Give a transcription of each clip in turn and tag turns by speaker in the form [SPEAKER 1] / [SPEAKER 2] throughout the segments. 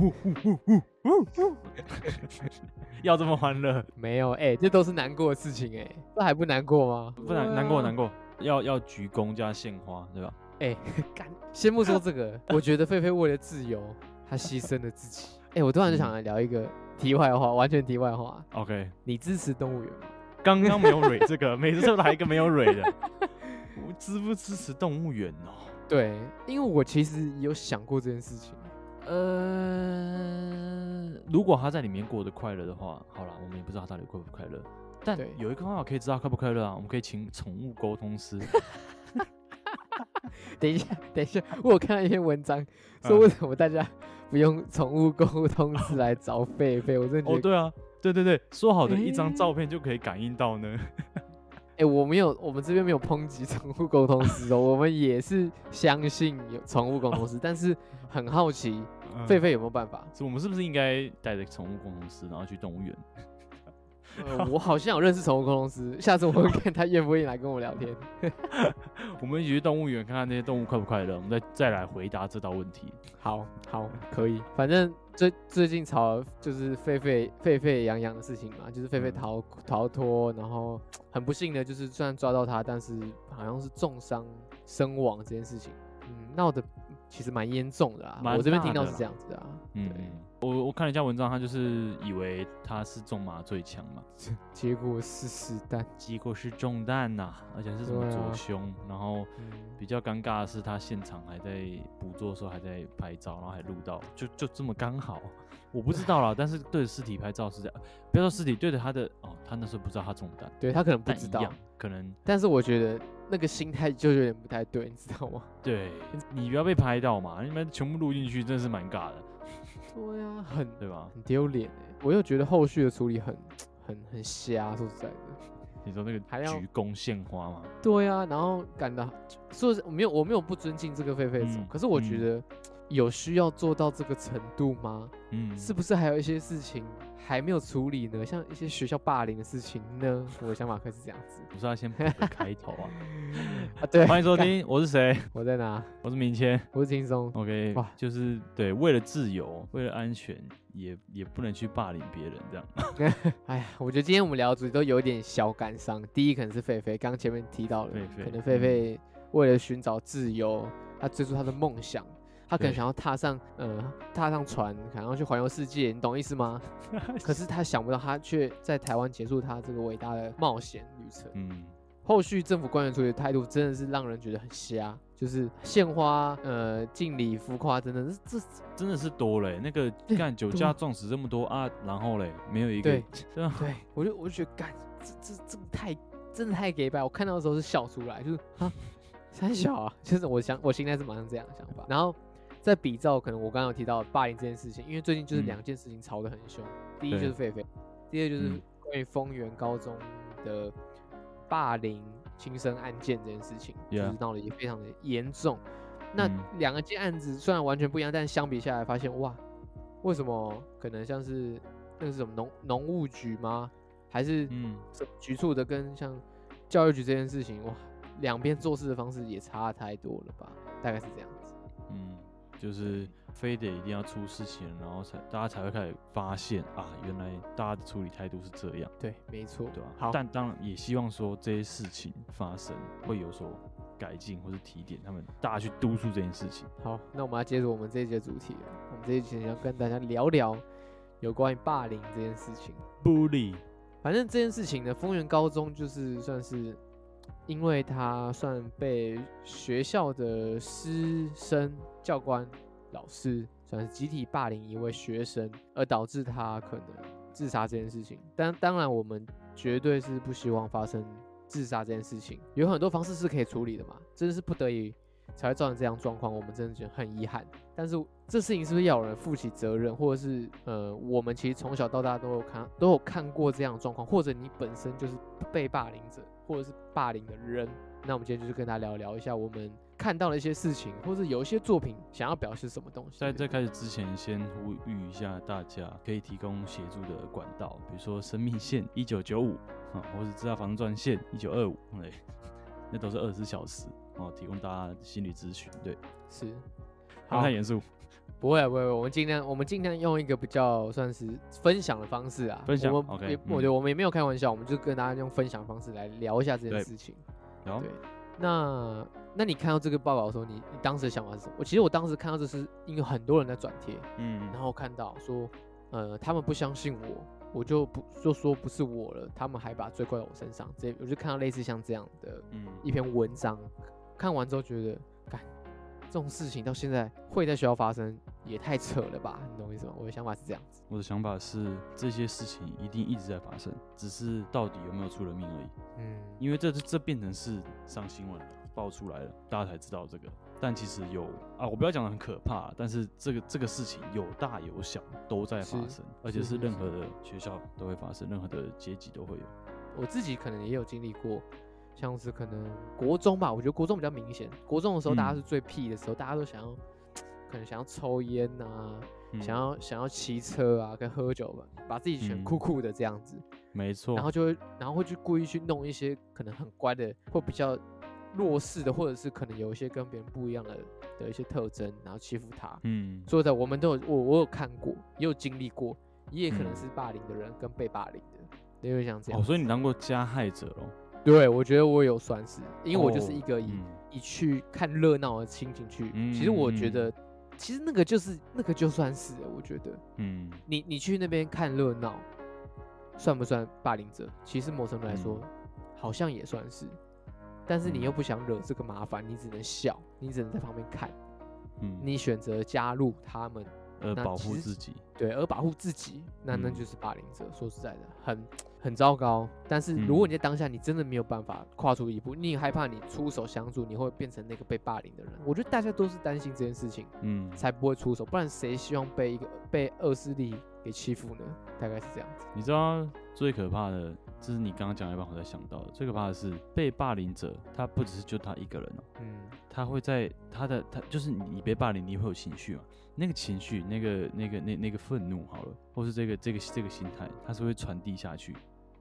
[SPEAKER 1] 要這麼歡樂？沒有
[SPEAKER 2] 哎、欸，這都是難過的事情哎、欸，這還不難過嗎？不難，難過，難
[SPEAKER 1] 過，要要鞠躬加獻花，對吧？哎、欸，先不說這個，啊、我覺
[SPEAKER 2] 得狒狒為了自由，她犧牲了自己。哎、 欸，我突然就想來聊一個題外話，完全題外話。OK，你支持動物園嗎？剛剛沒有蕊這個， 每次都來一個沒有蕊的。
[SPEAKER 1] 我支 不支持動物園哦、喔？對，因為我其實有想過這件事情。呃，如果他在裡面過得快樂的話，好了，我們也不知道他到底快不快樂。但有一個方法可以知道快不快樂啊，我們可以請寵物溝通師。
[SPEAKER 2] 等一下，等一下，我有看到一篇文章，說為什麼大家不用寵物溝通師來找狒狒？啊，我真的哦，對
[SPEAKER 1] 啊，對對對，說好的一張照片就可以感應到呢。 哎、欸，我沒有，我們這邊沒有抨擊寵物溝通
[SPEAKER 2] 師哦， 我們也是相信有寵物溝通師， 但是很好奇，狒
[SPEAKER 1] 狒、嗯、有沒有辦法？所以我們是不是應該帶着寵物溝通師，然後去動物園、 呃？我好像有認識寵物溝通師， 下次我會
[SPEAKER 2] 看他願不願意來跟我聊天。
[SPEAKER 1] 我們一起去動物園看看那些動物快不快樂，我們再再來回答這道問題。好，好，可以，
[SPEAKER 2] 反正。最最近吵，就是沸沸沸沸揚揚的事情嘛，就是狒狒逃、嗯、逃脫，然後很不幸的，就是雖然抓到他，但是好像是重傷身亡這件事情，嗯，鬧得其實蠻嚴重的啊，的我這邊聽到是這樣子的啊，嗯、
[SPEAKER 1] 對。我我看了一下文章，他就是以為他是中麻醉槍嘛，結果是實彈，結果是中彈吶、啊，而且是什麼左胸，啊、然後、嗯、比較尷尬的是他現場還在捕捉的時候還在拍照，然後還錄到，就就這麼剛好，我不知道啦， 但是對着屍體拍照是這樣，不要說屍體對着他的哦，他那時候不知道他中彈，對他可能不知道，可能，
[SPEAKER 2] 但是我覺得那個心態就有
[SPEAKER 1] 點不太對，你知道嗎？對，你不要被拍到嘛，你們全部錄進去，真的是蠻尬的。
[SPEAKER 2] 對呀、啊，很對吧？很丟臉、欸、我又覺得後續的處理很、很、很瞎，說實在的。你說那個還要鞠躬獻花嗎？對啊，然後感到說沒有，我沒有不尊敬這個狒狒總，嗯、可是我覺得。嗯有需要做到這個程度嗎？嗯，是不是還有一些事情還沒有處理呢？像一些學校霸凌的事情呢？我的想法可是這樣子。不是要先開頭啊？啊，對，歡迎收聽，
[SPEAKER 1] 我是誰？我在哪？我是明謙，我是輕鬆。OK，哇，就是對，為了自由，為了安全，也也不能去霸凌別人這樣。哎呀，我覺得今天我
[SPEAKER 2] 們聊的主題都有點小感傷。第一，可能是狒狒，剛剛前面提到了，可能狒狒為了尋找自由，他追逐他的夢想。他可能想要踏上對呃踏上船，然後去環遊世界，你懂意思嗎？ 可是他想不到，他卻在台灣結束他這個偉大的冒險旅程。嗯，後續政府官員處理的態度真的是讓人覺
[SPEAKER 1] 得很瞎，就是獻花呃敬禮浮誇，真的這是這真的是多嘞。那個幹對酒駕撞死這麼多對啊，然後嘞沒有一個對
[SPEAKER 2] 對，我就我就覺得幹這這這，這太真的太假掰，我看到的時候是笑出來，就是哈，三小啊， 就是我想我現在是馬上這樣的想法，然後。在比照可能我剛剛有提到的霸凌這件事情，因為最近就是兩件事情吵得很兇，嗯、第一就是狒狒，第二就是關於豐原高中的霸凌、輕生案件這件事情，嗯、就是鬧得也非常的嚴重。嗯、那兩個件案子雖然完全不一樣，但相比下來發現哇，為什麼可能像是那個是什麼農農務局嗎？還是局處的跟像教育局這件事情哇，兩邊做事的方式也差太多了吧？大概是這樣子，嗯。
[SPEAKER 1] 就是非得一定要出事情，然後才大家才會開始發現啊，原來大家的處理態度是這樣。對，沒錯，對吧、啊？好，但當然也希望說這些事情發生會有所改進或是提點他們，大家去督促這件事情。
[SPEAKER 2] 好，那我們來接着我們這一節主題，我們這一節要跟大家聊聊有關於霸凌這件事情。
[SPEAKER 1] Bully。
[SPEAKER 2] 反正這件事情呢，豐原高中就是算是。因為他算被學校的師生、教官、老師算是集體霸凌一位學生，而導致他可能自殺這件事情。當當然，我們絕對是不希望發生自殺這件事情。有很多方式是可以處理的嘛，真的是不得已才會造成這樣狀況。我們真的覺得很遺憾。但是這事情是不是要有人負起責任，或者是呃，我們其實從小到大都有看都有看過這樣的狀況，或者你本身就是被霸凌者。或者是霸凌的人，那我們今天就是跟他聊一聊一下我們看到的一些事情，或者有一些作品想要表示什麼東
[SPEAKER 1] 西。在在開始之前，先呼籲一下大家，可以提供協助的管道，比如說生命線一九九五啊，或者自殺防治專線一九二五，那都是二十四小時啊，提供大家心理諮詢。對，是，好，要不要太嚴肅。不會、啊，不會，我們盡
[SPEAKER 2] 量，我們盡量用一個比較算是分享的方式啊，分享。我們也不我覺得我們也沒有開玩笑，嗯、我們就跟大家用分享的方式來聊一下這件事情。對，對哦、那那你看到這個報告的時候，你你當時的想法是什麼？我其實我當時看到這是因為很多人在轉貼，嗯，然後看到說，呃，他們不相信我，我就不就說不是我了，他們還把罪怪到我身上，這我就看到類似像這樣的一篇文章，嗯、看完之後覺得，感。這種事情到現在會在學校發生，也太扯了吧？你懂我意思嗎？我的想法是這樣子，
[SPEAKER 1] 我的想法是這些事情一定一直在發生，只是到底有沒有出人命而已。嗯，因為這這這變成是上新聞了，爆出來了，大家才知道這個。但其實有啊，我不要講得很可怕，但是這個這個事情有大有小都在發生，是而且是任何的學校都會發生，是任何的階級都會有。
[SPEAKER 2] 我自己可能也有經歷過。像是可能國中吧，我覺得國中比較明顯。國中的時候，大家是最屁的時候，嗯、大家都想要，可能想要抽菸啊、嗯、想要想要騎車啊，跟喝酒吧，把自己全酷酷的這樣子。嗯、
[SPEAKER 1] 沒錯。然後就
[SPEAKER 2] 會，然後會去故意去弄一些可能很乖的，或比較弱勢的，或者是可能有一些跟別人不一樣的的一些特徵，然後欺負他。嗯。所以在我們都有，我我有看過，也有經歷過，也，也可能是霸凌的人跟被霸凌的，
[SPEAKER 1] 因為，嗯、像這樣。哦，所以你當過加害者嘍？
[SPEAKER 2] 對，我覺得我有算是，因為我就是一
[SPEAKER 1] 個以、哦嗯、一
[SPEAKER 2] 去看熱鬧的心情去。嗯、其實我覺得，嗯嗯、其實那個就是那個就算是，我覺得，嗯，你你去那邊看熱鬧，算不算霸凌者？其實某種程度來說，嗯、好像也算是，但是你又不想惹這個麻煩，嗯、你只能笑，你只能在旁邊看，嗯、你選擇加入他們，呃，保護自己。對，而保護自己，那那就是霸凌者。嗯、說實在的，很很糟糕。但是如果你在當下，你真的沒有辦法跨出一步，嗯、你也害怕你出手相助，你會變成那個被霸凌的人。我覺得大家都是擔心這件事情，嗯，才不會出手。不然誰希望被一個被惡勢力？給欺負呢，大概是這樣子。
[SPEAKER 1] 你知道、啊、最可怕的，這是你剛剛講的一半我才想到的最可怕的是，被霸凌者他不只是就他一個人哦、喔，嗯，他會在他的他就是你被霸凌，你會有情緒嘛？那個情緒，那個那個那那個憤怒好了，或是這個這個這個心態，他是會傳遞下去。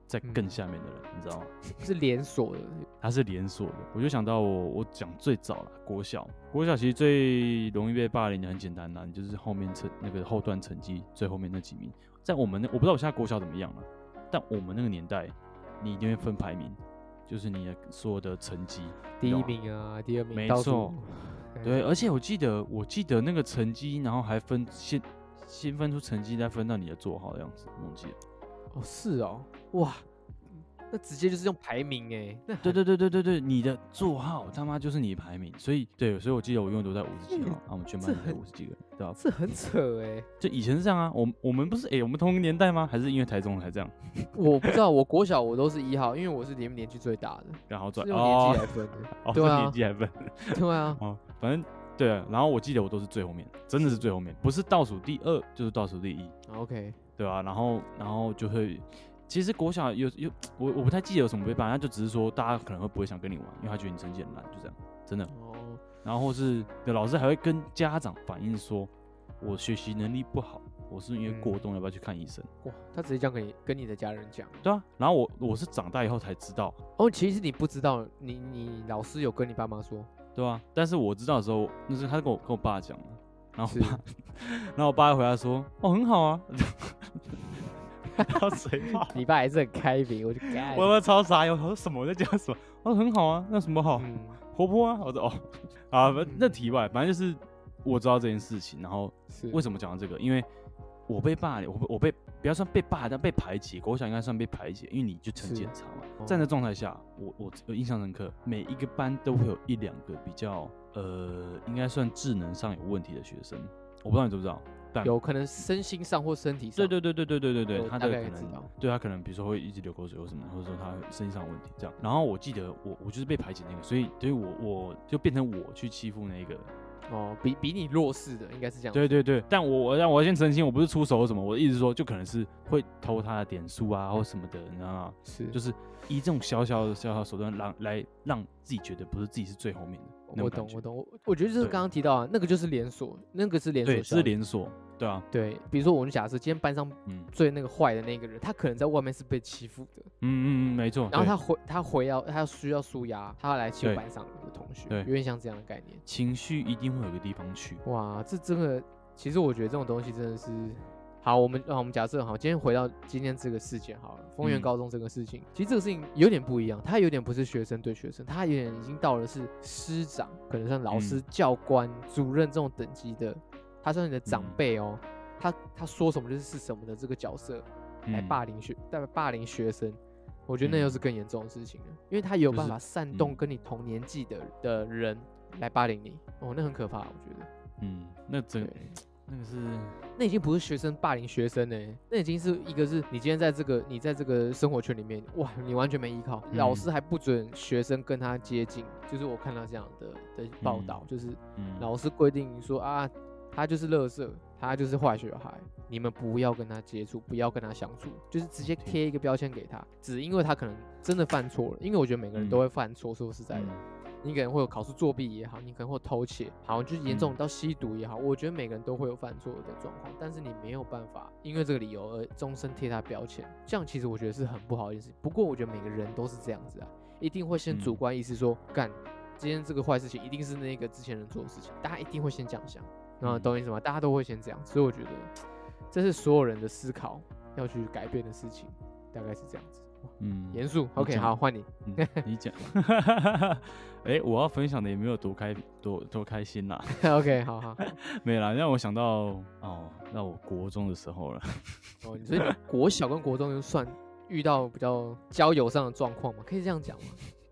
[SPEAKER 1] 在更下面的人，嗯、你知道嗎？是，是連鎖的，他是連鎖的。我就想到我，我講最早了，國小，國小其實最容易被霸凌的，很簡單吶，你就是後面成那個後段成績最後面那幾名。在我們那，我不知道我現在國小怎麼樣了，但我們那個年代，你一定會分排名，就是你的所有的成績，嗯、第一名啊，第二名，沒錯錯，處對，對對，而且我記得，我記得那個成績，然後還分先先分出成績，再分到你的座號的樣子，忘記
[SPEAKER 2] 了。哦，是哦、喔。哇，那直接就是用排名哎！
[SPEAKER 1] 對對對對對對，你的座號他媽就是你的排名，所以對，所以我記得我永遠都在五十幾號，然後我們全班五十幾個人，對吧？這很扯哎！就以前是這樣啊，我我們不是哎，我們同個年代嗎？還是因為台中才這樣？我不知道，我國
[SPEAKER 2] 小我都是一號，因為我是年年紀最大的，
[SPEAKER 1] 然後轉用年紀來分的，年紀還分，對啊，哦，反正對啊，然後我記得我都是最後面，真的是最後面，不是倒數第二就是倒數第一。OK，對啊，然後然後就會。其實國小有有我我不太記得有什麼霸凌，他就只是說大家可能會不會想跟你玩，因為他覺得你成績很爛，就這樣，真的。哦。然後是老師還會跟家長反映說，我學習能力不好，我是因為過動、嗯、要不要去看醫生？
[SPEAKER 2] 哇，他直接講給你跟你的家人講？對
[SPEAKER 1] 啊。然後我我是長大以後才知道。
[SPEAKER 2] 哦，其實你不知道，你你老師有跟你爸媽說？
[SPEAKER 1] 對啊。但是我知道的時候，那時候他跟我跟我爸講，然後我爸，嗎然後我爸回來說，哦，很好啊。 他 誰？ 你爸還是很開明，我就 我。我說超傻喲，他說什麼？我在講什麼？我說很好啊，那什麼好？嗯、活潑啊？我說哦，啊，那題外，反正就是我知道這件事情，然後為什麼講到這個？因為我被霸凌，我被霸，我我被不要算被霸凌，但被排擠，我想應該算被排擠，因為你就成績差嘛。這是在狀態下，我我印象深刻，每一個班都會有一兩個比較呃，應該算智能上有問題的學生，我不知道你知不知道。但有可能身心上或身體上對對對對對對對對，大概知道，對他可能比如說會一直流口水或什麼，或者說他身上問題這樣。然後我記得我我就是被排擠那個，所以所以我我就變成我去欺負那一個。哦，比比你弱勢的應該是這樣的。對對對，但我我讓我先澄清，我不是出手什麼，我的意思說就可能是會偷他的點數啊，嗯，或什麼的，你知道嗎？是，就是以這種小小的小小手段讓來，來讓自己覺得不是自己是最後面的。我懂，我懂，
[SPEAKER 2] 我我覺得就是剛剛提到啊，對那個就是連鎖，那個是連鎖，是連
[SPEAKER 1] 鎖。對啊，對，
[SPEAKER 2] 比如說我們假設今天班上最那個壞的那個人，嗯、他可能在外面是被欺負的，
[SPEAKER 1] 嗯嗯嗯，沒錯。然後他
[SPEAKER 2] 回對他回到他需要舒壓，他要來欺負班上的同學，對，對，有點像這樣的概念。
[SPEAKER 1] 情緒一定會有個地方去。
[SPEAKER 2] 哇，這真的，其實我覺得這種東西真的是，好，我們我們假設好，今天回到今天這個事件好了，豐原高中這個事情，嗯、其實這個事情有點不一樣，他有點不是學生對學生，他有點已經到了是師長，可能像老師、嗯、教官、主任這種等級的。他說、算，你的長輩哦，嗯、他他說什麼就是，是什麼的這個角色來霸凌學，嗯、代表霸凌學生，我覺得那又是更嚴重的事情了，嗯、因為他有辦法煽動跟你同年紀的、就是、的人來霸凌你、嗯、哦，那很可怕，我覺得。嗯，那真，對那個是，那已經不是學生霸凌學生呢、欸，那已經是一個是你今天在這個你在這個生活圈裡面，哇，你完全沒依靠，嗯、老師還不准學生跟他接近，就是我看到這樣的的報道，嗯、就是老師規定你說啊。他就是垃圾，他就是壞小孩，你們不要跟他接觸，不要跟他相處，就是直接貼一個標籤給他，對只因為他可能真的犯錯了。因為我覺得每個人都會犯錯，說實在的，嗯、你可能會有考試作弊也好，你可能會偷竊，好，就是嚴重到吸毒也好，我覺得每個人都會有犯錯的狀況，但是你沒有辦法因為這個理由而終身貼他標籤，這樣其實我覺得是很不好的一件事。不過我覺得每個人都是這樣子啊，一定會先主觀意識說，幹、嗯、今天這個壞事情一定是那個之前人做的事情，大家一定會先這樣想。懂你意思嗎？大家都會先這樣，所以我覺得這是所有人的思考要去改變的事情，大概是這樣子。
[SPEAKER 1] 哦、嗯，嚴肅。OK，講好，換你，嗯、你講吧。哎、 欸，我要分享的也沒有多開多多開心啦。 OK，好好。 沒有啦，讓我想到哦，那我國中的時候了。哦， 所
[SPEAKER 2] 以你國小跟國中就算遇到比較交友上的狀況嘛，可以這樣講嗎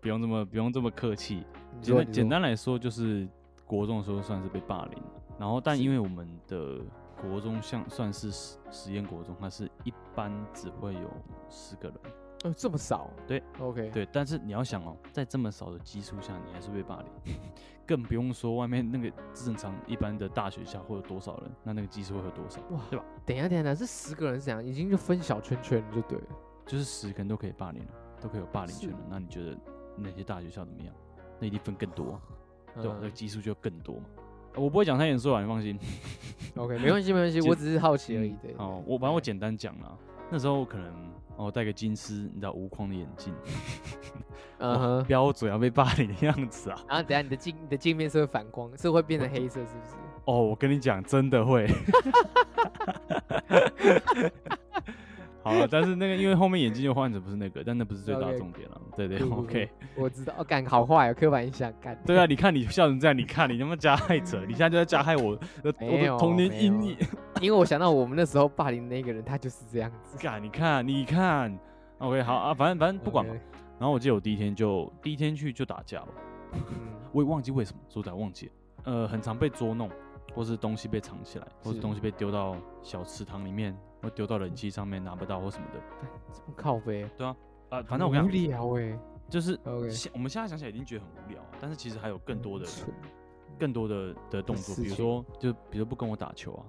[SPEAKER 2] 不？
[SPEAKER 1] 不用這麼不用這麼客氣，簡簡單來說就是國中的時候算是被霸凌的。然後，但因為我們的國中像算是實實驗國中，它是一般只會有十個人。哦，這麼少？對，OK，對。但是你要想哦，在這麼少的基數下，你還是被霸凌， 更不用說外面那個正常一般的大學校會有多少人，那那個基數會有多少？哇，對吧？等一下，等一下，這十個人是這樣，已經就分小圈圈了就對了，就是十個人都可以霸凌了，都可以有霸凌權了。是那你覺得那些大學校怎麼樣？那一定分更多，哇對吧？那、嗯、個基數就更多嘛我不會講太嚴肅啊，你放心。OK，沒關係，沒關係，我只是好奇而已。對。解對哦，我反正我簡單講啦。對那時候我可能哦戴個金絲，你知道，無框的眼鏡。嗯哼、uh huh.，標準要、啊、被霸凌的樣子啊。
[SPEAKER 2] 然後等下你的鏡，你的鏡面是會反光，是會變成黑色，是不是？
[SPEAKER 1] 哦，我跟你講，真的會。 啊！但是那個，因為後面眼鏡又換成不是那個，但那不是最大的重點了。對對，OK，我知道。哦，幹好
[SPEAKER 2] 壞，刻板印象，幹。
[SPEAKER 1] 對啊，你看你笑成這樣，你看你他媽加害者，你現在就在加害我的童年陰影，因為我
[SPEAKER 2] 想到我們那時候霸凌那個人，他就是這樣
[SPEAKER 1] 子。幹，你看，你看，OK，好啊，反正反正不管了。然後我記得我第一天就第一天去就打架了，我也忘記為什麼，主宰忘記了。呃，很常被捉弄，或是東西被藏起來，或是東西被丟到小池塘裡面。會丟到冷氣上面拿不到或什麼的，麼靠北，啊。對啊，啊、呃，反正我跟你講無聊哎，欸，就是，OK，我們現在想起來已經覺得很無聊啊，但是其實還有更多的，嗯，更多的的動作，比如說，就比如說不跟我打球啊。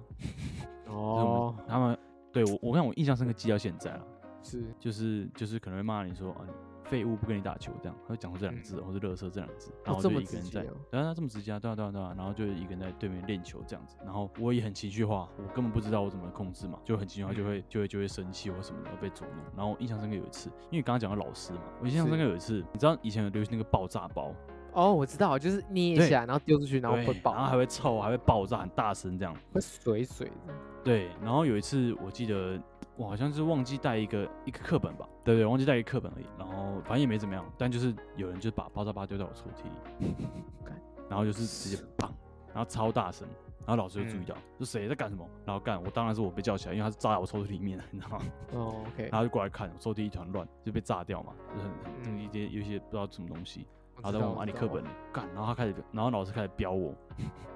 [SPEAKER 1] 嗯，哦。他們對我，我看我印象深刻記到現在了。是。就是就是可能會罵你說啊。你廢物不跟你打球，這樣，他會講出這兩個字，嗯、或者垃圾這兩個字，然後就一個人在，然後他這麼直接,、啊對啊麼直接啊，對啊對啊,對啊,對,啊對啊，然後就一個人在對面練球這樣子，然後我也很情緒化，我根本不知道我怎麼控制嘛，就很情緒化就會、嗯、就會就會,就會生氣或什麼的被捉弄。然後我印象深刻有一次，因為剛剛講到老師嘛，我印象深刻有一次，是你知道以前有流行那個爆炸包，
[SPEAKER 2] 哦，我知道，就是捏一下對然後丟出去然後會
[SPEAKER 1] 爆，然後還會臭，還會爆炸很大聲這樣，會水水的，對，然後有一次我記得。我好像是忘記帶一個一個課本吧，對對，對，忘記帶一個課本而已，然後反正也沒怎麼樣，但就是有人就把爆炸包丟在我抽屜裡。 Okay. 然後就是直接砰，然後超大聲，然後老師就注意到，是誰、嗯、在幹什麼，然後幹我當然是我被叫起來，因為他是炸在我抽屜裡面的，你知道嗎？哦，然後、oh, okay. 然後就過來看，我抽屜一團亂，就被炸掉嘛，就很很一些有些、嗯、不知道什麼東西，然後在往哪裡課本裡干，然後他開始，然後老師開始飆我，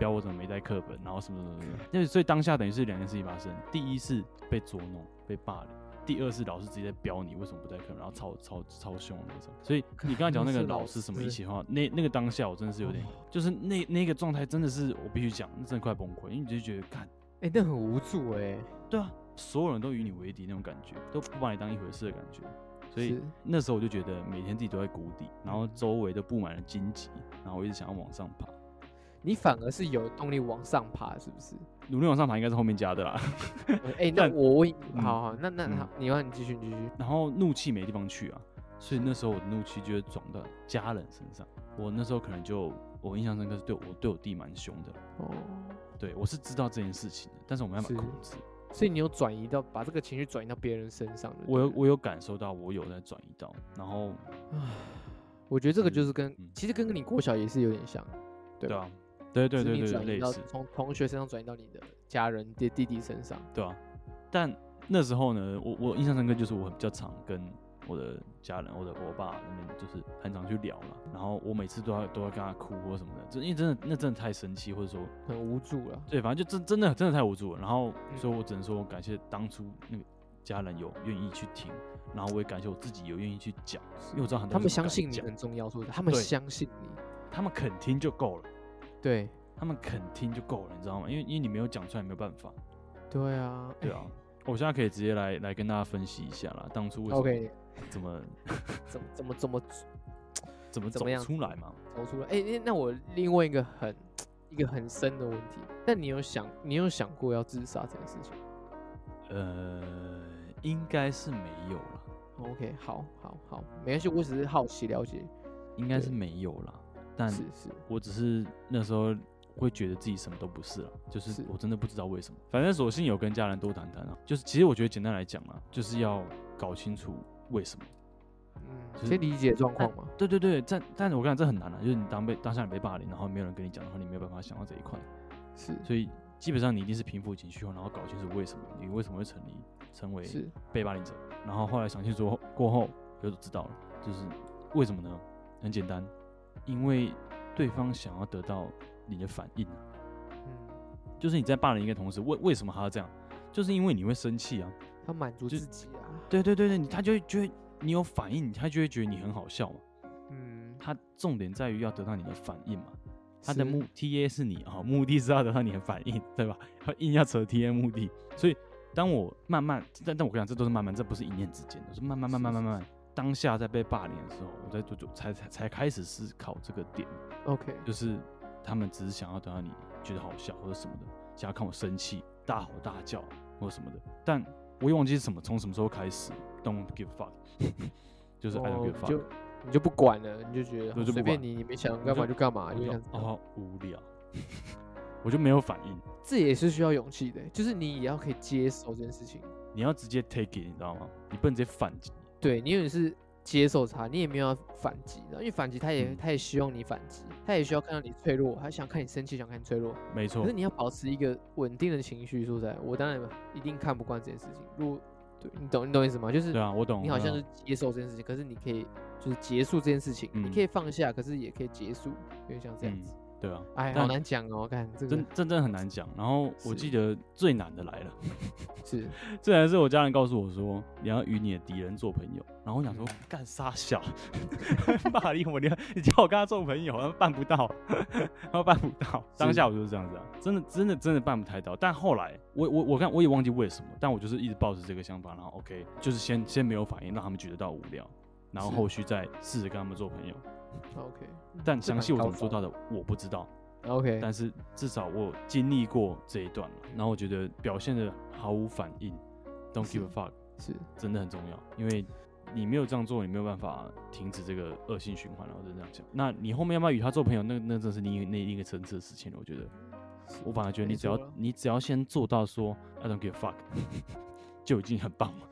[SPEAKER 1] 飆 我怎麼沒帶課本，然後什麼什麼什麼，Okay. 因為所以當下等於是兩件事情發生，第一是被捉弄。被霸凌，第二是老師直接在飆你，為什麼不帶課，然後超超超凶的那種。所以你剛才講那個老師什麼一起的話，okay, 那那個當下我真的是有點，就是那那個狀態真的是，我必須講，真的快崩潰，因為你就覺得看，哎，那、欸、很無助哎、欸。對啊，所有人都與你為敵那種感覺，都不把你當一回事的感覺。所以是那時候我就覺得每天自己都在谷底，然後周圍都布滿了荊棘，然後我一直想要往上爬。你反而是有動力往上爬，是不是？努力往上爬應該是後面加的啦。哎，那我問你，嗯、好好，那那好，嗯、你要你繼續繼續。你續，然後怒氣沒地方去啊，所以那時候我的怒氣就會轉到家人身上。是我那時候可能就，我印象深刻是對我對我弟蠻兇的。哦，對，我是知道這件事情的，但是我沒辦法控制。所以你有轉移到，把這個情緒轉移到別人身上。我有，我有感受到，我有在轉移到。
[SPEAKER 2] 然後，我覺得這個就是跟，嗯、其實跟跟你國小也是有點像，
[SPEAKER 1] 對吧？對啊。對對對對，類似
[SPEAKER 2] 從同學身上轉移到你的家人、爹、弟弟身上，
[SPEAKER 1] 對啊。但那時候呢，我我印象深刻就是我很比較常跟我的家人或者我，我爸那邊就是很常去聊嘛，然後我每次都要都要跟他哭或什麼的，就因為真的那真的太生氣或者說
[SPEAKER 2] 很無助了。
[SPEAKER 1] 對，反正就真真的真的太無助了。然後所以，我只能說感謝當初那個家人有願意去聽，然後我也感謝我自己有願意去講，因為我知道很多人他們相信你很對重要，是是，所以他們相信你，他們肯聽就夠了。對，他們肯聽就夠了，你知道嗎？因為因為你沒有講出來，沒有辦法。
[SPEAKER 2] 對啊，對啊、欸喔，
[SPEAKER 1] 我現在可以直接來來跟大家分析一下啦，當初為什麼怎麼 Okay. 怎麼
[SPEAKER 2] 怎麼怎麼怎麼
[SPEAKER 1] 怎麼樣出來嘛？
[SPEAKER 2] 走出來。哎，那、欸、那我另外一個很、欸、一個很深的問題，但你有想你有想過要自殺這件事情？呃，應該是沒有了。OK，好，好，好，沒關係，我只是好奇了解，
[SPEAKER 1] 應該是沒有了。但我只是那時候會覺得自己什麼都不是了，就是我真的不知道為什麼。是反正索性有跟家人多談談啊，就是其實我覺得簡單來講啊，就是要搞清楚為什麼，嗯，就是、先理解狀況嘛。對對對，但但是我跟你講這很難啊，就是你當被當下你被霸凌，然後沒有人跟你講的話，你沒有辦法想到這一塊。是，所以基本上你一定是平復情緒後，然後搞清楚為什麼你為什麼會成立，成為被霸凌者，然後後來想清楚後過後，就知道了，就是為什麼呢？很簡單。因為對方想要得到你的反應，嗯，就是你在霸凌一個同時，為為什麼他要這樣？就是因為你會生氣啊，他滿足自己啊，對對對對，他就會覺得你有反應，他就會覺得你很好笑嘛，嗯，他重點在於要得到你的反應嘛，
[SPEAKER 2] 是他的目
[SPEAKER 1] ta 是你啊，目的是要得到你的反應，對吧？他硬要扯 ta 目的，所以當我慢慢，但但我跟你講，這都是慢慢，嗯、這不是一念之間的，是慢慢慢慢慢慢，慢，慢是是是是。當下在被霸凌的時候，我在做才才才開始思考這個點。OK，就是他們只是想要等到你覺得好笑或者什麼的，想要看我生氣、大吼大叫或什麼的。但我又忘記是什麼，從什麼時候開始？Don't give fuck， 就是 I don't give fuck， 哦、你就你就不管了，你就覺得就隨便你，你沒想幹嘛就幹嘛，就，就這樣子。哦，無聊， 我就沒有反應。這也
[SPEAKER 2] 是需要勇氣的，就是你也要可以接受這件事情。
[SPEAKER 1] 你要直接 take it，你知道嗎？你不能直接反擊。對，因為你有是
[SPEAKER 2] 接受他，你也沒有要反擊，然後因為反擊他也、嗯、他也希望你反擊，他也需要看到你脆弱，他想看你生氣，想看你脆弱，沒錯錯。可是你要保持一個穩定的情緒是不是？我當然一定看不慣這件事情。如果對你懂你懂意思嗎？就是、對啊、你好像就是接受這件事情，懂可是你
[SPEAKER 1] 可以就是結束這件事情，嗯、你可以
[SPEAKER 2] 放下，可是也可以結束，有點像這樣子。嗯
[SPEAKER 1] 對啊，哎，真好難
[SPEAKER 2] 講哦，這個，真
[SPEAKER 1] 真真很難講。然後我記得最難的來了，是最難 是，是我家人告訴我說，你要與你的敵人做朋友。然後我想說，幹啥，嗯？幹殺小，， 罵你我要你叫我跟他做朋友，他們辦不到，然後辦不到。是當下我就是這樣子啊，真的真的真的，真的辦不太到。但後來，我我我看我也忘記為什麼，但我就是一直抱着這個想法，然後 OK 就是先先沒有反應，讓他們覺得到無聊，然後後續再試着跟他們做朋友。
[SPEAKER 2] OK，但詳細我怎麼做到
[SPEAKER 1] 的我不知道。OK，但是至少我經歷過這一段了，然後我覺得表現得毫無反應是，Don't give a fuck，是真的很重要，因為你沒有這樣做，你沒有辦法停止這個惡性循環。然後就這樣講，那你後面要不要與他做朋友，那那真是另一另一個層次的事情我覺得，是我反而覺得你只要、啊、你只要先做到說，I don't give a fuck， 就已經很棒了。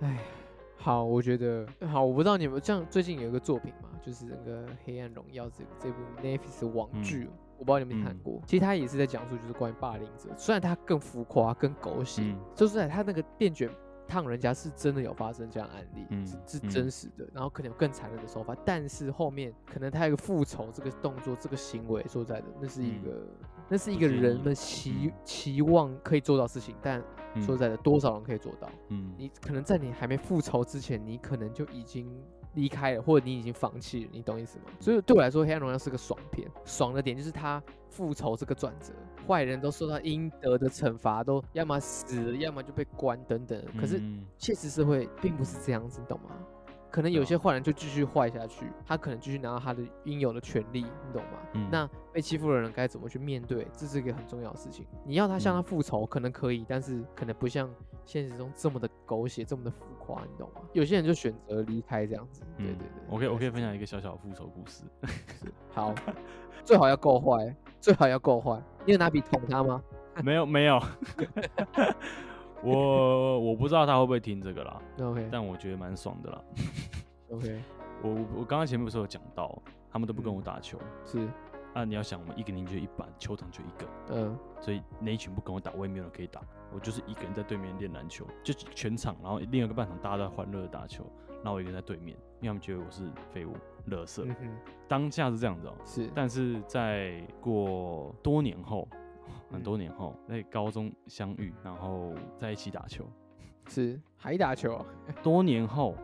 [SPEAKER 1] 哎。 好，我覺得好，我不知道
[SPEAKER 2] 你們，像最近有一個作品嘛，就是那個《黑暗榮耀》這個這這部 Netflix 網劇，嗯、我不知道你們看過。嗯、其實它也是在講述，就是關於霸凌者，雖然它更浮誇、更狗血，嗯、就是在，它那個變卷。燙人家是真的有發生這樣的案例、嗯，是，是真實的。嗯、然後可能有更殘忍的手法，但是後面可能他有一個復仇這個動作、這個行為說實在的，那是一個，嗯、那是一個人的期、嗯、期望可以做到事情，但、嗯、說實在的多少人可以做到？嗯，你可能在你還沒復仇之前，你可能就已經。離開了，或者你已經放棄了，你懂意思嗎？所以對我來說，《 黑暗榮耀》是個爽片，爽的點就是他復仇這個轉折，壞人都受到應得的懲罰，都要麼死了，要麼就被關等等。可是、嗯、確實社會，並不是這樣子，懂嗎？可能有些壞人就繼續壞下去，他可能繼續拿到他的應有的權利，你懂嗎？嗯、那被欺負的人該怎麼去面對？這是一個很重要的事情。你要他向他復仇，嗯、可能可以，但是可能不像現實中這麼的狗血，這麼的浮誇，你懂嗎？有些人就選擇離開這樣子。嗯、
[SPEAKER 1] 對對對，我可以對我可以分享一個小小的復仇故事。好，最好要夠壞，
[SPEAKER 2] 最好要夠壞。你有拿筆捅他嗎？
[SPEAKER 1] 沒 有沒有。沒有 我我不知道他會不會聽這個啦，Okay. 但我覺得蠻爽的啦。 OK，我我剛剛前面不是有講到，他們都不跟我打球，嗯、是那、啊、你要想我們一個年級就一班，球場就一個，嗯，所以那一群不跟我打，我也沒有人可以打，我就是一個人在對面練籃球，就全場，然後另外一個半場大家都在歡樂的打球，那我一個人在對面，因為他們覺得我是廢物、垃圾，嗯、哼當下是這樣子哦、喔，是，但是在過多年後，很多年後，在高中相遇，然後在一起打球，是還打球啊。多年後，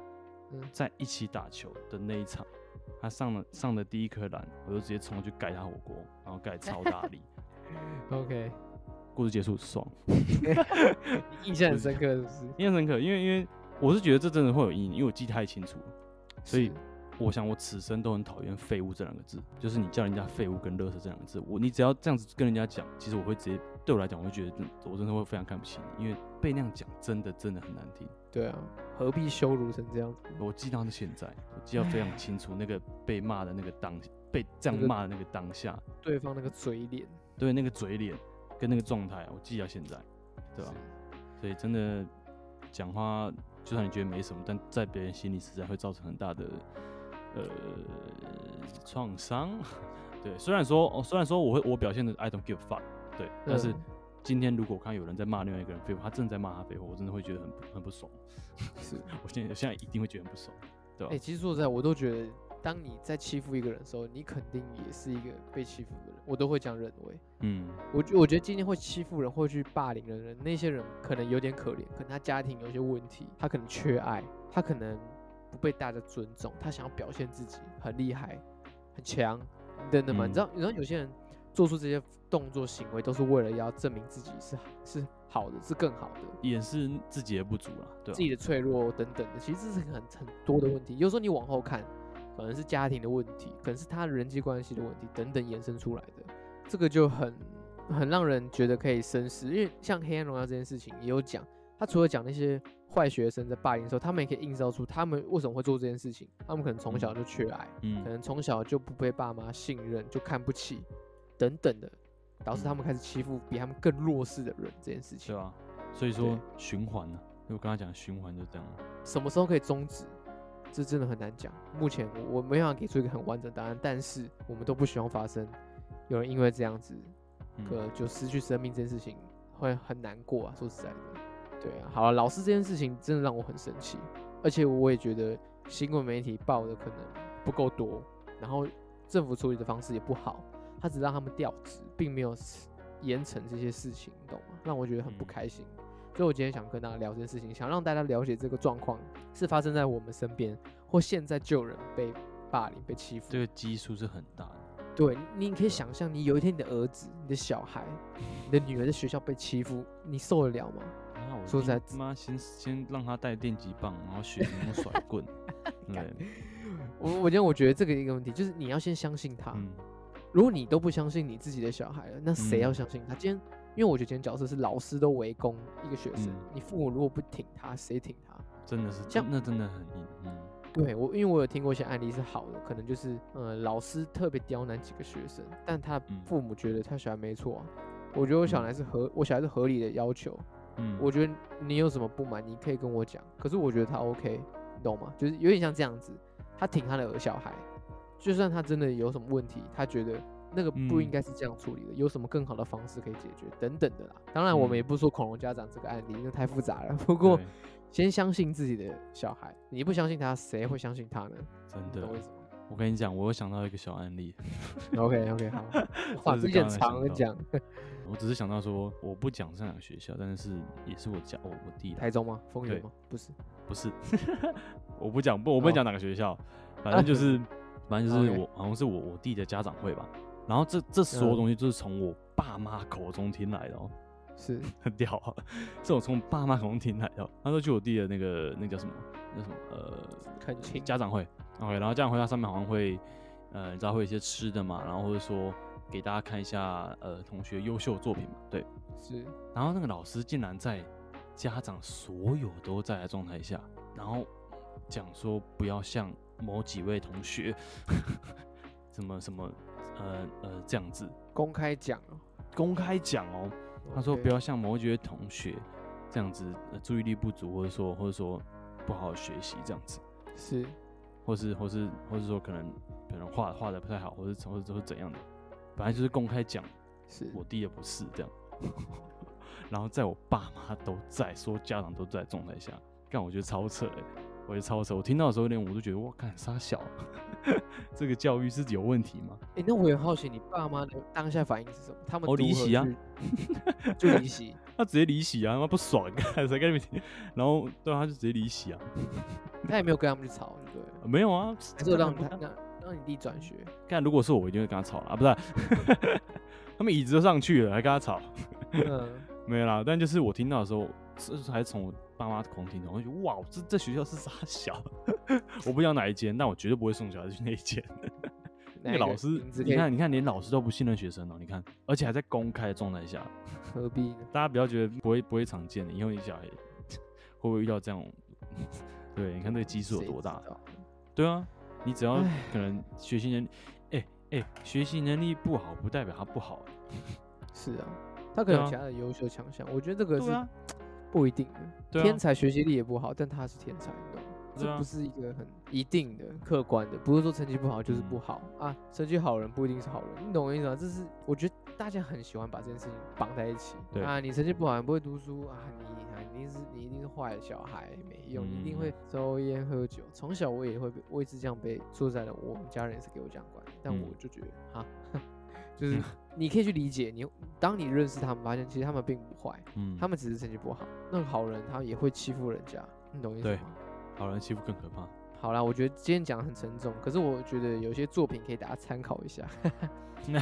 [SPEAKER 1] 在一起打球的那一場，他上了上的第一顆籃，我就直接衝過去蓋他火鍋，然後蓋超大力。
[SPEAKER 2] OK，
[SPEAKER 1] 故事結束，爽、爽，
[SPEAKER 2] 印象很深刻，是不是？
[SPEAKER 1] 印象深刻，因為因為我是覺得這真的會有陰影，因為我記得太清楚了，所以。我想，我此生都很討厭“廢物”這兩個字，就是你叫人家“廢物”跟“樂色”這兩個字，我你只要這樣子跟人家講，其實我會直接對我來講，我會覺得我真的會非常看不起你，因為被那樣講，真的真的很難聽。
[SPEAKER 2] 對啊，何必羞辱成這樣
[SPEAKER 1] 子？我記到是現在，我記到非常清楚那個被罵的那個當被這樣罵的那個當下，當
[SPEAKER 2] 下對方那個嘴臉，
[SPEAKER 1] 對那個嘴臉跟那個狀態啊，我記到現在，對吧？是。所以真的講話，就算你覺得沒什麼，但在別人心裡，實在會造成很大的。呃，創傷，對。雖然說，雖然說我會，我我表現的 I don't give fuck，對。嗯、但是今天如果我看有人在罵另外一個人，背後，他正在罵他背後，我真的會覺得很很不爽。是， 我現在現在一定會覺得很不爽，對吧？哎、欸，其實
[SPEAKER 2] 說實在我都覺得，當你在欺負一個人的時候，你肯定也是一個被欺負的人。我都會這樣認為。嗯，我覺我覺得今天會欺負人，會去霸凌人的人，那些人可能有點可憐，可能他家庭有些問題，他可能缺愛，他可能。不被大家尊重，他想要表現自己很厲害、很強，等等嘛。你知道，你知道有些人做出這些動作行為，都是為了要證明自己是是好的，是更好的，
[SPEAKER 1] 掩飾自己的不足了、啊，對自己
[SPEAKER 2] 的脆弱等等的。其實這是很很多的問題。有時候你往後看，可能是家庭的問題，可能是他的人際關係的問題等等延伸出來的，這個就很很讓人覺得可以深思。因為像《黑暗榮耀》這件事情也有講。他除了講那些壞學生在霸凌的時候，他們也可以映照出他們為什麼會做這件事情。他們可能從小就缺愛，嗯嗯、可能從小就不被爸媽信任，就看不起，等等的，導致他們開始欺負比他們更弱勢的人這件事情。對啊，所以說
[SPEAKER 1] 循環呢，因為我剛才講的循環就這樣。
[SPEAKER 2] 什麼時候可以終止？這真的很難講。目前我，我沒辦法給出一個很完整的答案，但是我們都不希望發生有人因為這樣子，嗯、可能就失去生命這件事情會很難過啊。說實在的。對啊，好了，老師這件事情真的讓我很生氣，而且我也覺得新聞媒體報的可能不夠多，然後政府處理的方式也不好，他只讓他們調職，並沒有嚴懲這些事情，你懂嗎？讓我覺得很不開心，嗯、所以我今天想跟大家聊這件事情，想讓大家了解這個狀況是發生在我們身邊，或現在就有人被霸凌、被欺負，這個基數是很大的。對，你可以想象，你有一天你的兒子、你的小孩、嗯、你的女兒在學校被欺負，你受得了嗎？說出來，
[SPEAKER 1] 媽、啊、先先讓他帶電擊棒，然後學什麼甩棍。 對，
[SPEAKER 2] 我我今天我覺得這個一個問題，就是你要先相信他。嗯、如果你都不相信你自己的小孩了，那誰要相信他？嗯、今天，因為我覺得今天角色是老師都圍攻一個學生，嗯、你父母如果不挺他，誰挺他？真的是，這樣像那
[SPEAKER 1] 真的很硬。嗯、
[SPEAKER 2] 對我，因為我有聽過一些案例是好的，可能就是呃，老師特別刁難幾個學生，但他父母覺得他小孩沒錯、啊。我覺得我小孩是合，嗯、我小孩是合理的要求。嗯、我覺得你有什麼不滿，你可以跟我講。可是我覺得他 OK，你懂嗎？就是有點像這樣子，他挺他的小孩，就算他真的有什麼問題，他覺得那個不應該是這樣處理的，嗯、有什麼更好的方式可以解決等等的啦。當然我們也不說恐龍家長這個案例，因為、嗯、太複雜了。不過對先相信自己的小孩，你不相信他，誰會相信他呢？
[SPEAKER 1] 真的？為什麼？我跟你講，我又想到一個小案例。 OK OK 好，哇，有點 長的，講。 我只是想到說，我不講這兩個學校，但是也是我家我、哦、我弟的。台中嗎？豐原嗎？對不是， 不是，我不講不我不講哪個學校，oh. 反正就是、uh huh. 反正就是我、uh huh. 好像是我我弟的家長會吧。然後這這所有東西都是從我爸媽口中聽來的、喔，哦、uh，huh. 是，很屌。這種從爸媽口中聽來的、喔，他說去我弟的那個那叫什麼那叫什麼呃開家長會，OK，然後家長會他上面好像會呃你知道會有一些吃的嘛，然後或者說。給大家看一下，呃，同學優秀作品嘛，對，是。然後那個老師竟然在家長所有都在的狀態下，然後講說不要像某幾位同學，呵呵什麼什麼，呃呃這樣子，公開講，公開講哦。Okay. 他說不要像某幾位同學這樣子，呃，注意力不足，或者說或者說不好好學習這樣子，是，是，或是或是或是說可能可能畫畫的不太好，或者或者或怎樣的。本來就是公開講，是我弟也不是這樣，是 然後在我爸媽都在，說家長都在狀態下，幹我覺得超扯、欸、我覺得超扯，我聽到的時候連我都覺得哇幹啥小，這個教育是有問題嗎？哎、欸，那我也好奇你爸媽的當
[SPEAKER 2] 下反應是什麼？他們離席啊，就離席，
[SPEAKER 1] 他直接離席啊，他媽不爽，誰 跟你們，然後對他就直接離席啊，他也沒有跟他們去吵，對，沒有啊，還是讓。
[SPEAKER 2] 讓你弟轉學？
[SPEAKER 1] 看，如果是我，我一定會跟他吵了啊！不是、啊， 他們椅子都上去了，還跟他吵， 嗯、沒有啦。但就是我聽到的時候，是還從我爸媽旁聽到，我就哇，這這學校是啥小？ 我不知道哪一間，但我絕對不會送小孩去那一間。連、 那個、 老師，你看，你看，連老師都不信任學生哦、喔。你看，而且還在公開狀態的狀態下，何必？大家不要覺得不會不會常見的，以後你小孩會不會遇到這樣？ 對，你看那個基數有多大？對啊。你只要可能學習能力，哎哎唉、欸欸，學習能力不好不代表他不好， 是啊，他可能有其他
[SPEAKER 2] 的優秀強項，啊、我覺得這個是、啊、不一定的，啊、天才學習力也不好，但他是天才，啊、這不是一個很一定的客觀的，不是說成績不好就是不好、嗯、啊，成績好人不一定是好人，你懂我意思嗎？這是我覺得。大家很喜歡把這件事情綁在一起。對啊，你成績不好，你不會讀書啊，你肯定、啊、是你一定是壞小孩，沒用，你一定會抽煙喝酒。從、嗯、小我也會被，我也是這樣被坐在了。我們家人也是給我這樣管，但我就覺得啊、嗯，就是你可以去理解你。當你認識他們，發現其實他們並不壞，嗯、他們只是成績不好。那個好人他也會欺負人家，你懂意思嗎？對，
[SPEAKER 1] 好人欺負更可怕。好啦，我覺得今天
[SPEAKER 2] 講得很沉重，可是我覺得有些作品可以大家參考一下。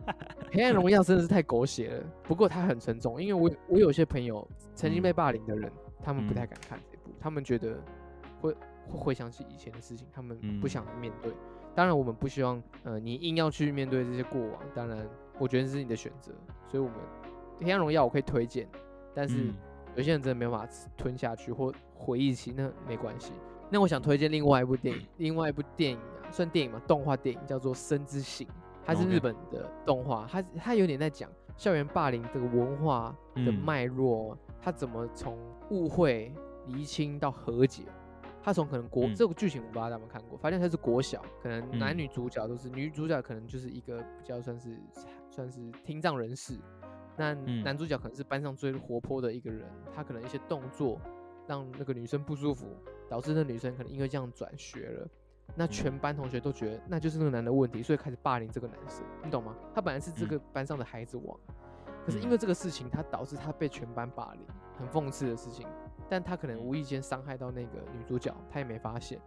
[SPEAKER 1] 黑暗榮耀真的是太
[SPEAKER 2] 狗血了，不過它很沉重，因為我有我有些朋友曾經被霸凌的人，他們不太敢看這部，嗯、他們覺得會會回想起以前的事情，他們不想面對。嗯、當然我們不希望，呃，你硬要去面對這些過往，當然我覺得這是你的選擇，所以我們黑暗榮耀我可以推薦，但是有些人真的沒有辦法吞下去或回憶起那，那沒關係。那我想推薦另外一部電影，另外一部電影啊，算電影嘛。動畫電影叫做《聲之形》，它是日本的動畫。Okay. 它它有點在講校園霸凌這個文化的脈絡，嗯、它怎麼從誤會釐清到和解。它從可能國、嗯、這個劇情，我不知道大家有沒有看過。反正它是國小，可能男女主角都是、嗯、女主角，可能就是一個比較算是算是聽障人士。那男主角可能是班上最活潑的一個人，他可能一些動作讓那個女生不舒服。導致那女生可能因為這樣轉學了，那全班同學都覺得那就是那個男的問題，所以開始霸凌這個男生，你懂嗎？他本來是這個班上的孩子王，可是因為這個事情，他導致他被全班霸凌，很諷刺的事情。但他可能無意間傷害到那個女主角，他也沒發現，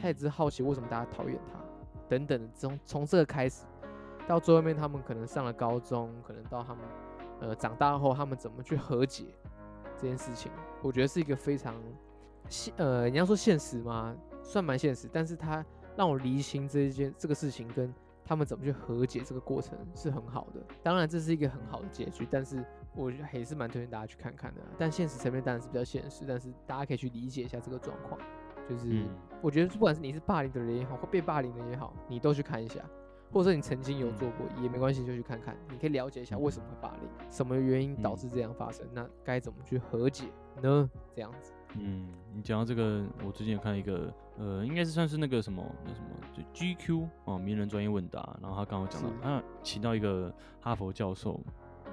[SPEAKER 2] 他也只是好奇為什麼大家討厭他等等。從從這個開始，到最後面他們可能上了高中，可能到他們呃長大後，他們怎麼去和解這件事情，我覺得是一個非常現呃，你要說現實嗎？算蠻現實，但是他讓我釐清這一件這個事情跟他們怎麼去和解這個過程是很好的。當然這是一個很好的結局，但是我覺得還是蠻推薦大家去看看的，啊。但現實層面當然是比較現實，但是大家可以去理解一下這個狀況，就是我覺得不管是你是霸凌的人也好，或被霸凌的人也好，你都去看一下，或者說你曾經有做過、嗯、也沒關係，就去看看，你可以了解一下為什麼會霸凌，嗯、什麼原因導致這樣發生，嗯、那該怎麼去和解呢？這樣子。
[SPEAKER 1] 嗯，你講到這個，我最近有看一個，呃，應該是算是那個什麼，那什麼，就 GQ 啊、哦，名人專業問答。然後他剛好講到，是他提到一個哈佛教授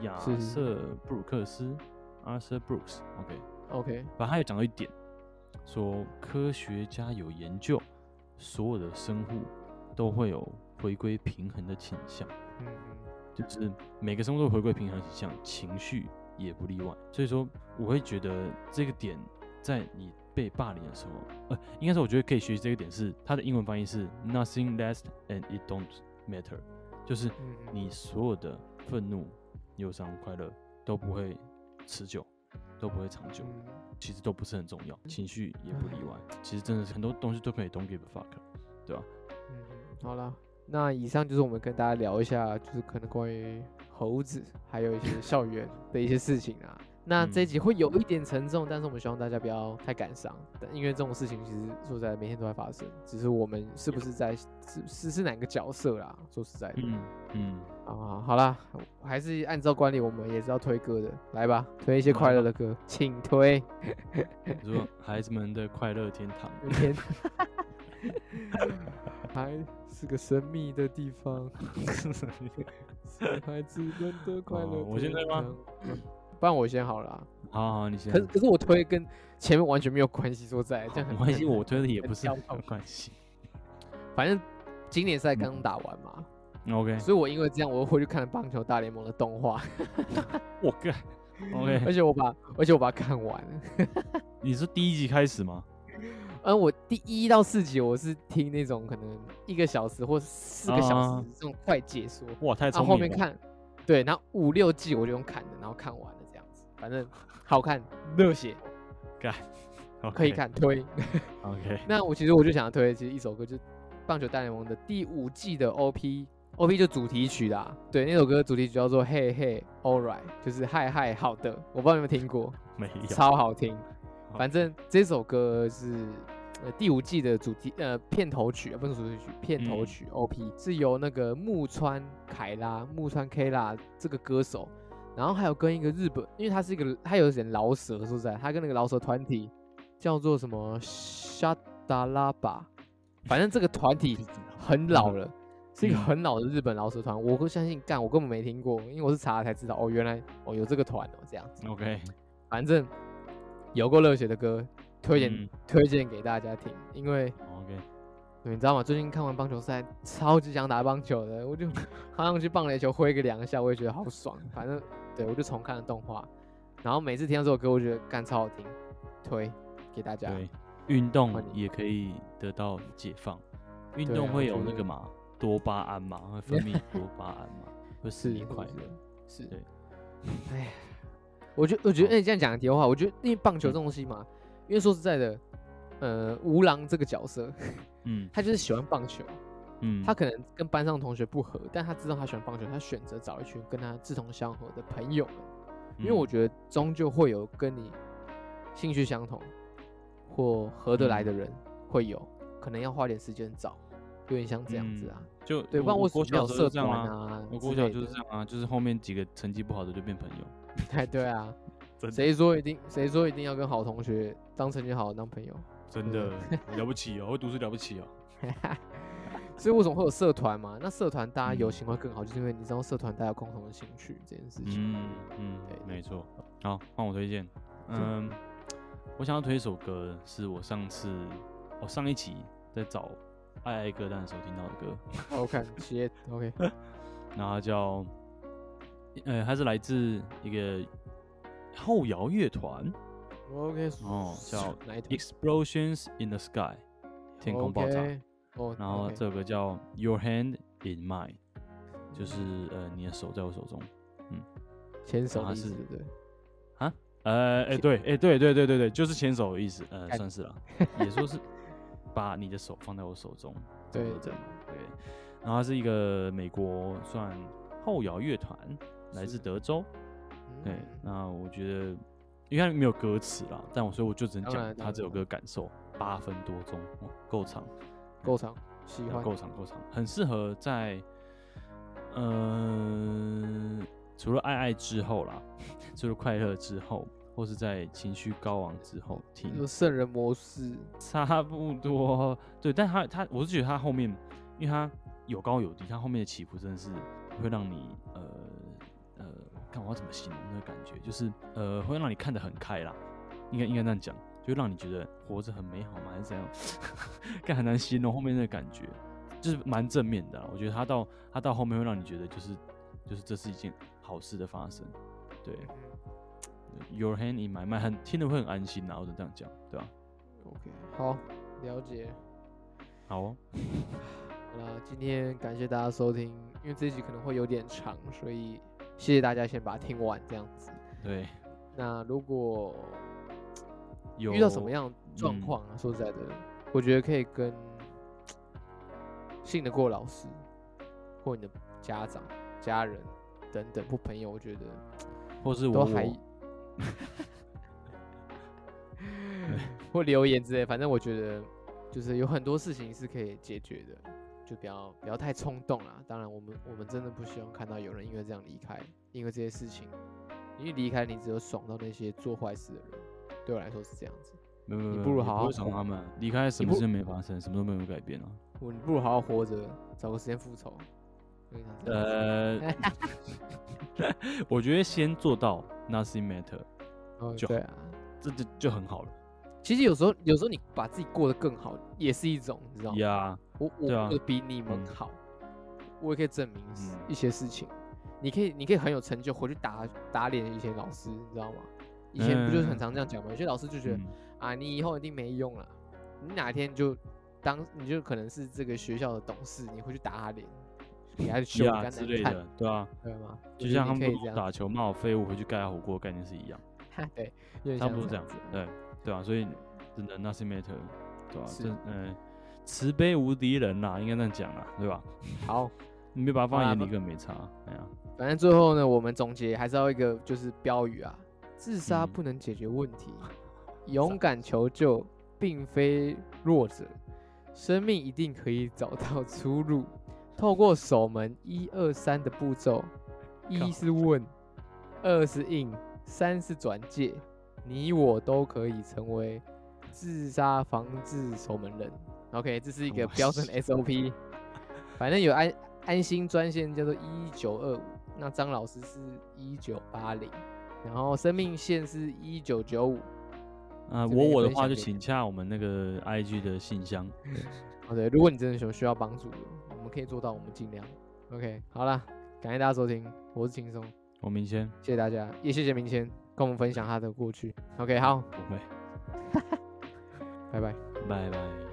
[SPEAKER 1] 亞瑟布魯克斯是阿瑟布魯克斯。OK，OK，反正他有講到一點，說科學家有研究，所有的生物都會有回歸平衡的傾向，嗯、就是每個生物都回歸平衡的傾向，情緒也不例外。所以說，我會覺得這個點。在你被霸凌的時候，呃，應該是我覺得可以學習這個點是，它的英文翻譯是，mm hmm. nothing lasts and it don't matter，就是你所有的憤怒、憂傷、快樂都不會持久，都不會長久，mm hmm. 其實都不是很重要，情緒也不例外。唉其實真的是很多東西都可以 don't give a fuck，對吧、啊？嗯、
[SPEAKER 2] mm，hmm. 好啦，那以上就是我們跟大家聊一下，就是可能關於猴子還有一些校園的一些事情啊。 那這一集會有一點沉重，嗯、但是我們希望大家不要太感傷，但因為這種事情其實說實在，每天都在發生，只是我們是不是在是是是哪個角色啦？說實在的，嗯嗯啊，好啦，還是按照慣例，我們也是要推歌的，來吧，推一些快樂的歌，嗯、請
[SPEAKER 1] 推。孩子們的快樂天堂。 天堂，
[SPEAKER 2] 還是個神秘的地方。是神秘，是孩子們的快樂天堂。啊、我現在嗎？ 不然我先好了。
[SPEAKER 1] 好好，你先。可是可是
[SPEAKER 2] 我推跟前面完全沒有關係說在，這很關係，我推的也不是沒有關係。 反正經典賽剛打完嘛、
[SPEAKER 1] 嗯、，OK。
[SPEAKER 2] 所以，我因為這樣，我又回去看了棒球大聯盟的動畫。 我幹。o、okay. k 而且我把而且我把它看完了。
[SPEAKER 1] 你是第一集開始嗎？
[SPEAKER 2] 嗯，我第一到四集我是聽那種可能一個小時或四個小時這種快解說。啊、哇，太聰明了。然後後面看，對，然後五六季我就用看的，然後看完。反正好看，熱血，God, okay，可以看推。
[SPEAKER 1] OK，那
[SPEAKER 2] 我其實我就想要推，其實一首歌就《棒球大聯盟》的第五季的 OP，OP OP 就主題曲啦。對，那首歌主題曲叫做“嘿嘿 ”，Alright，就是嗨嗨，好的。我不知道有沒有聽過，
[SPEAKER 1] 沒有，超好
[SPEAKER 2] 聽。反正這首歌是、呃、第五季的主題呃片頭曲，不是主題曲，片頭曲 OP、嗯、是由那個木村凱拉，木村 KAELA 這個歌手。然後還有跟一個日本，因為他是一個，他有點饒舌，是不是？他跟那個饒舌團體叫做什麼沙達拉巴。反正這個團體很老了，是一個很老的日本饒舌團。嗯、我不相信，幹，我根本沒聽過，因為我是查了才知道。哦，原來哦有這個團哦這樣子。OK，反正有過熱血的歌推薦、嗯、推薦給大家聽，因為、oh, OK，你知道嗎？最近看完棒球賽，超級想打棒球的，我就好像 去棒壘球揮個兩下，我也覺得好爽，反正。對，我就重看了動畫，然後每次聽到這首歌，我覺得幹，超好聽，推給大家。對，
[SPEAKER 1] 運動也可以得到解放，運動會有那個嘛，多巴胺嘛，會分泌多巴胺嘛，會使人
[SPEAKER 2] 快樂。是。是對。哎， 我覺，我覺得，哎、欸，你這樣講的挺好。話，我覺得因為棒球這東西嘛，嗯、因為說實在的，呃，吳郎這個角色，嗯，他就是喜歡棒球。嗯、他可能跟班上同學不合，但他知道他喜歡棒球，他選擇找一群跟他志同相合的朋友，因為我覺得終究會有跟你興趣相同或合得來的人，會有、嗯、可能要花點時間找，有點像這樣子啊。嗯、就對，我、我國小的時候就是這樣啊，我國小
[SPEAKER 1] 就是這樣啊，就是後面幾個成績不好的就變朋友。
[SPEAKER 2] 哎，對啊，
[SPEAKER 1] 誰的說一
[SPEAKER 2] 定？誰說一定要跟好同學當成績好當朋友？
[SPEAKER 1] 真的了吧不起哦、喔，會讀書了不起哦、喔。
[SPEAKER 2] 所以為什麼會有社團嘛？那社團大家遊行會更好，嗯、就是因為你知道社團大家共同的興趣這件事
[SPEAKER 1] 情。嗯嗯，嗯，對，沒錯。好，換我推薦。嗯，是我想要推一首歌，是我上次，我、哦、上一期在找我我歌單的時候聽到的歌。
[SPEAKER 2] OK，企 shit ,業 OK，
[SPEAKER 1] 那 後它叫，呃，它是來自一個後搖樂團。
[SPEAKER 2] OK。哦，水水
[SPEAKER 1] 叫 Explosions in the Sky，天空爆炸。Okay. 然後這個叫 Your Hand in Mine，就是呃，你的手在我手中，嗯，牽手意思，對對對，啊，呃，哎，對，哎，對對對對對，就是牽手意思，呃，算是了，也說是把你的手放在我手中，對對，然後它是一個美國算後搖樂團，來自德州，對，那我覺得因為它沒有歌詞了，但我所以我就只能講它這首歌感受八分多鐘，夠長。夠長，喜歡夠長夠長，很適合在，呃，除了愛愛之後啦，除了 快樂之後，或是在情緒高昂之後聽。聖人模式差不多，對，但他他我是覺得他後面，因為他有高有低，他後面的起伏真的是會讓你呃呃，看、呃、我要怎麼形容那個，感覺，就是呃會讓你看得很開朗，應該應該那樣講。就讓你覺得活着很美好嘛，還是怎樣？但 很難形容後面的感覺，就是蠻正面的、啊。我覺得他到他到後面會讓你覺得，就是就是這是一件好事的發生。對，Your Hand in Mine，很聽的會很安心啊，我就這樣講，對吧、啊、？OK，
[SPEAKER 2] 好，了解，
[SPEAKER 1] 好、哦。
[SPEAKER 2] 好了、 呃，今天感謝大家收聽，因為這一集可能會有點長，所以謝謝大家先把它聽完，這樣子。對，那如果。有遇到什麼樣狀況啊？嗯、說實在的，我覺得可以跟信得過老師，或你的家長、家人等等或朋友，我覺得或是我都還，或留言之類。反正我覺得就是有很多事情是可以解決的，就不要不要太衝動了。當然，我們我們真的不希望看到有人因為這樣離開，因為這些事情，你離開你只有爽到那些做壞事的人。對我來說是這樣子，你不如好好，想他們離開，什麼事
[SPEAKER 1] 情沒發生，什麼都沒有改變啊。
[SPEAKER 2] 我你不如好好活着，找個時間復仇。呃，
[SPEAKER 1] 我覺得先做到 nothing matter，就對啊，
[SPEAKER 2] 這就就很好了。其實有時候，有時候你把自己過得更好，也是一種，你知道嗎？
[SPEAKER 1] 我我我
[SPEAKER 2] 比你們好，我也可以證明一些事情。你可以你可以很有成就，回去打打臉一些老師，你知道嗎？以前不就是很常這樣講嗎？有些，嗯、老師就覺得，嗯、啊，你以後一定沒用了，你哪天就當你就可能是這個學校的董事，你會去打他臉。你還是需要之類的，對啊，對就像他們打
[SPEAKER 1] 球罵我廢物，回去蓋阿火鍋概念是一樣， 對，差不多這樣子，對對吧，啊？所以人那，啊、是 matter 對吧？嗯，呃，慈悲無敵人啦，應該那樣講啊，對吧？好，沒辦法，放眼裡，跟沒差，哎呀，反正，啊、
[SPEAKER 2] 最後呢，我們總結還是要一個就是標語啊。自殺不能解決問題，嗯、勇敢求救並非弱者，生命一定可以找到出路。透過守門一二三的步驟，靠一是問，二是應，三是轉介，嗯、你我都可以成為自殺防治守門人。OK，這是一個標準 SOP。 反正有安安心專線叫做一九二五，那張老師是一九八零。然後生命線是一九九五，
[SPEAKER 1] 啊，我我的話就請洽我們那個 I G 的信箱。好的，哦，如果你
[SPEAKER 2] 真的有需要幫助我，我們可以做到，我們盡量。OK，好啦，感謝大家收聽，我是輕鬆，我明謙，謝謝大家，也謝謝明謙跟我們分享他的過去。OK，好，
[SPEAKER 1] 拜拜，拜拜。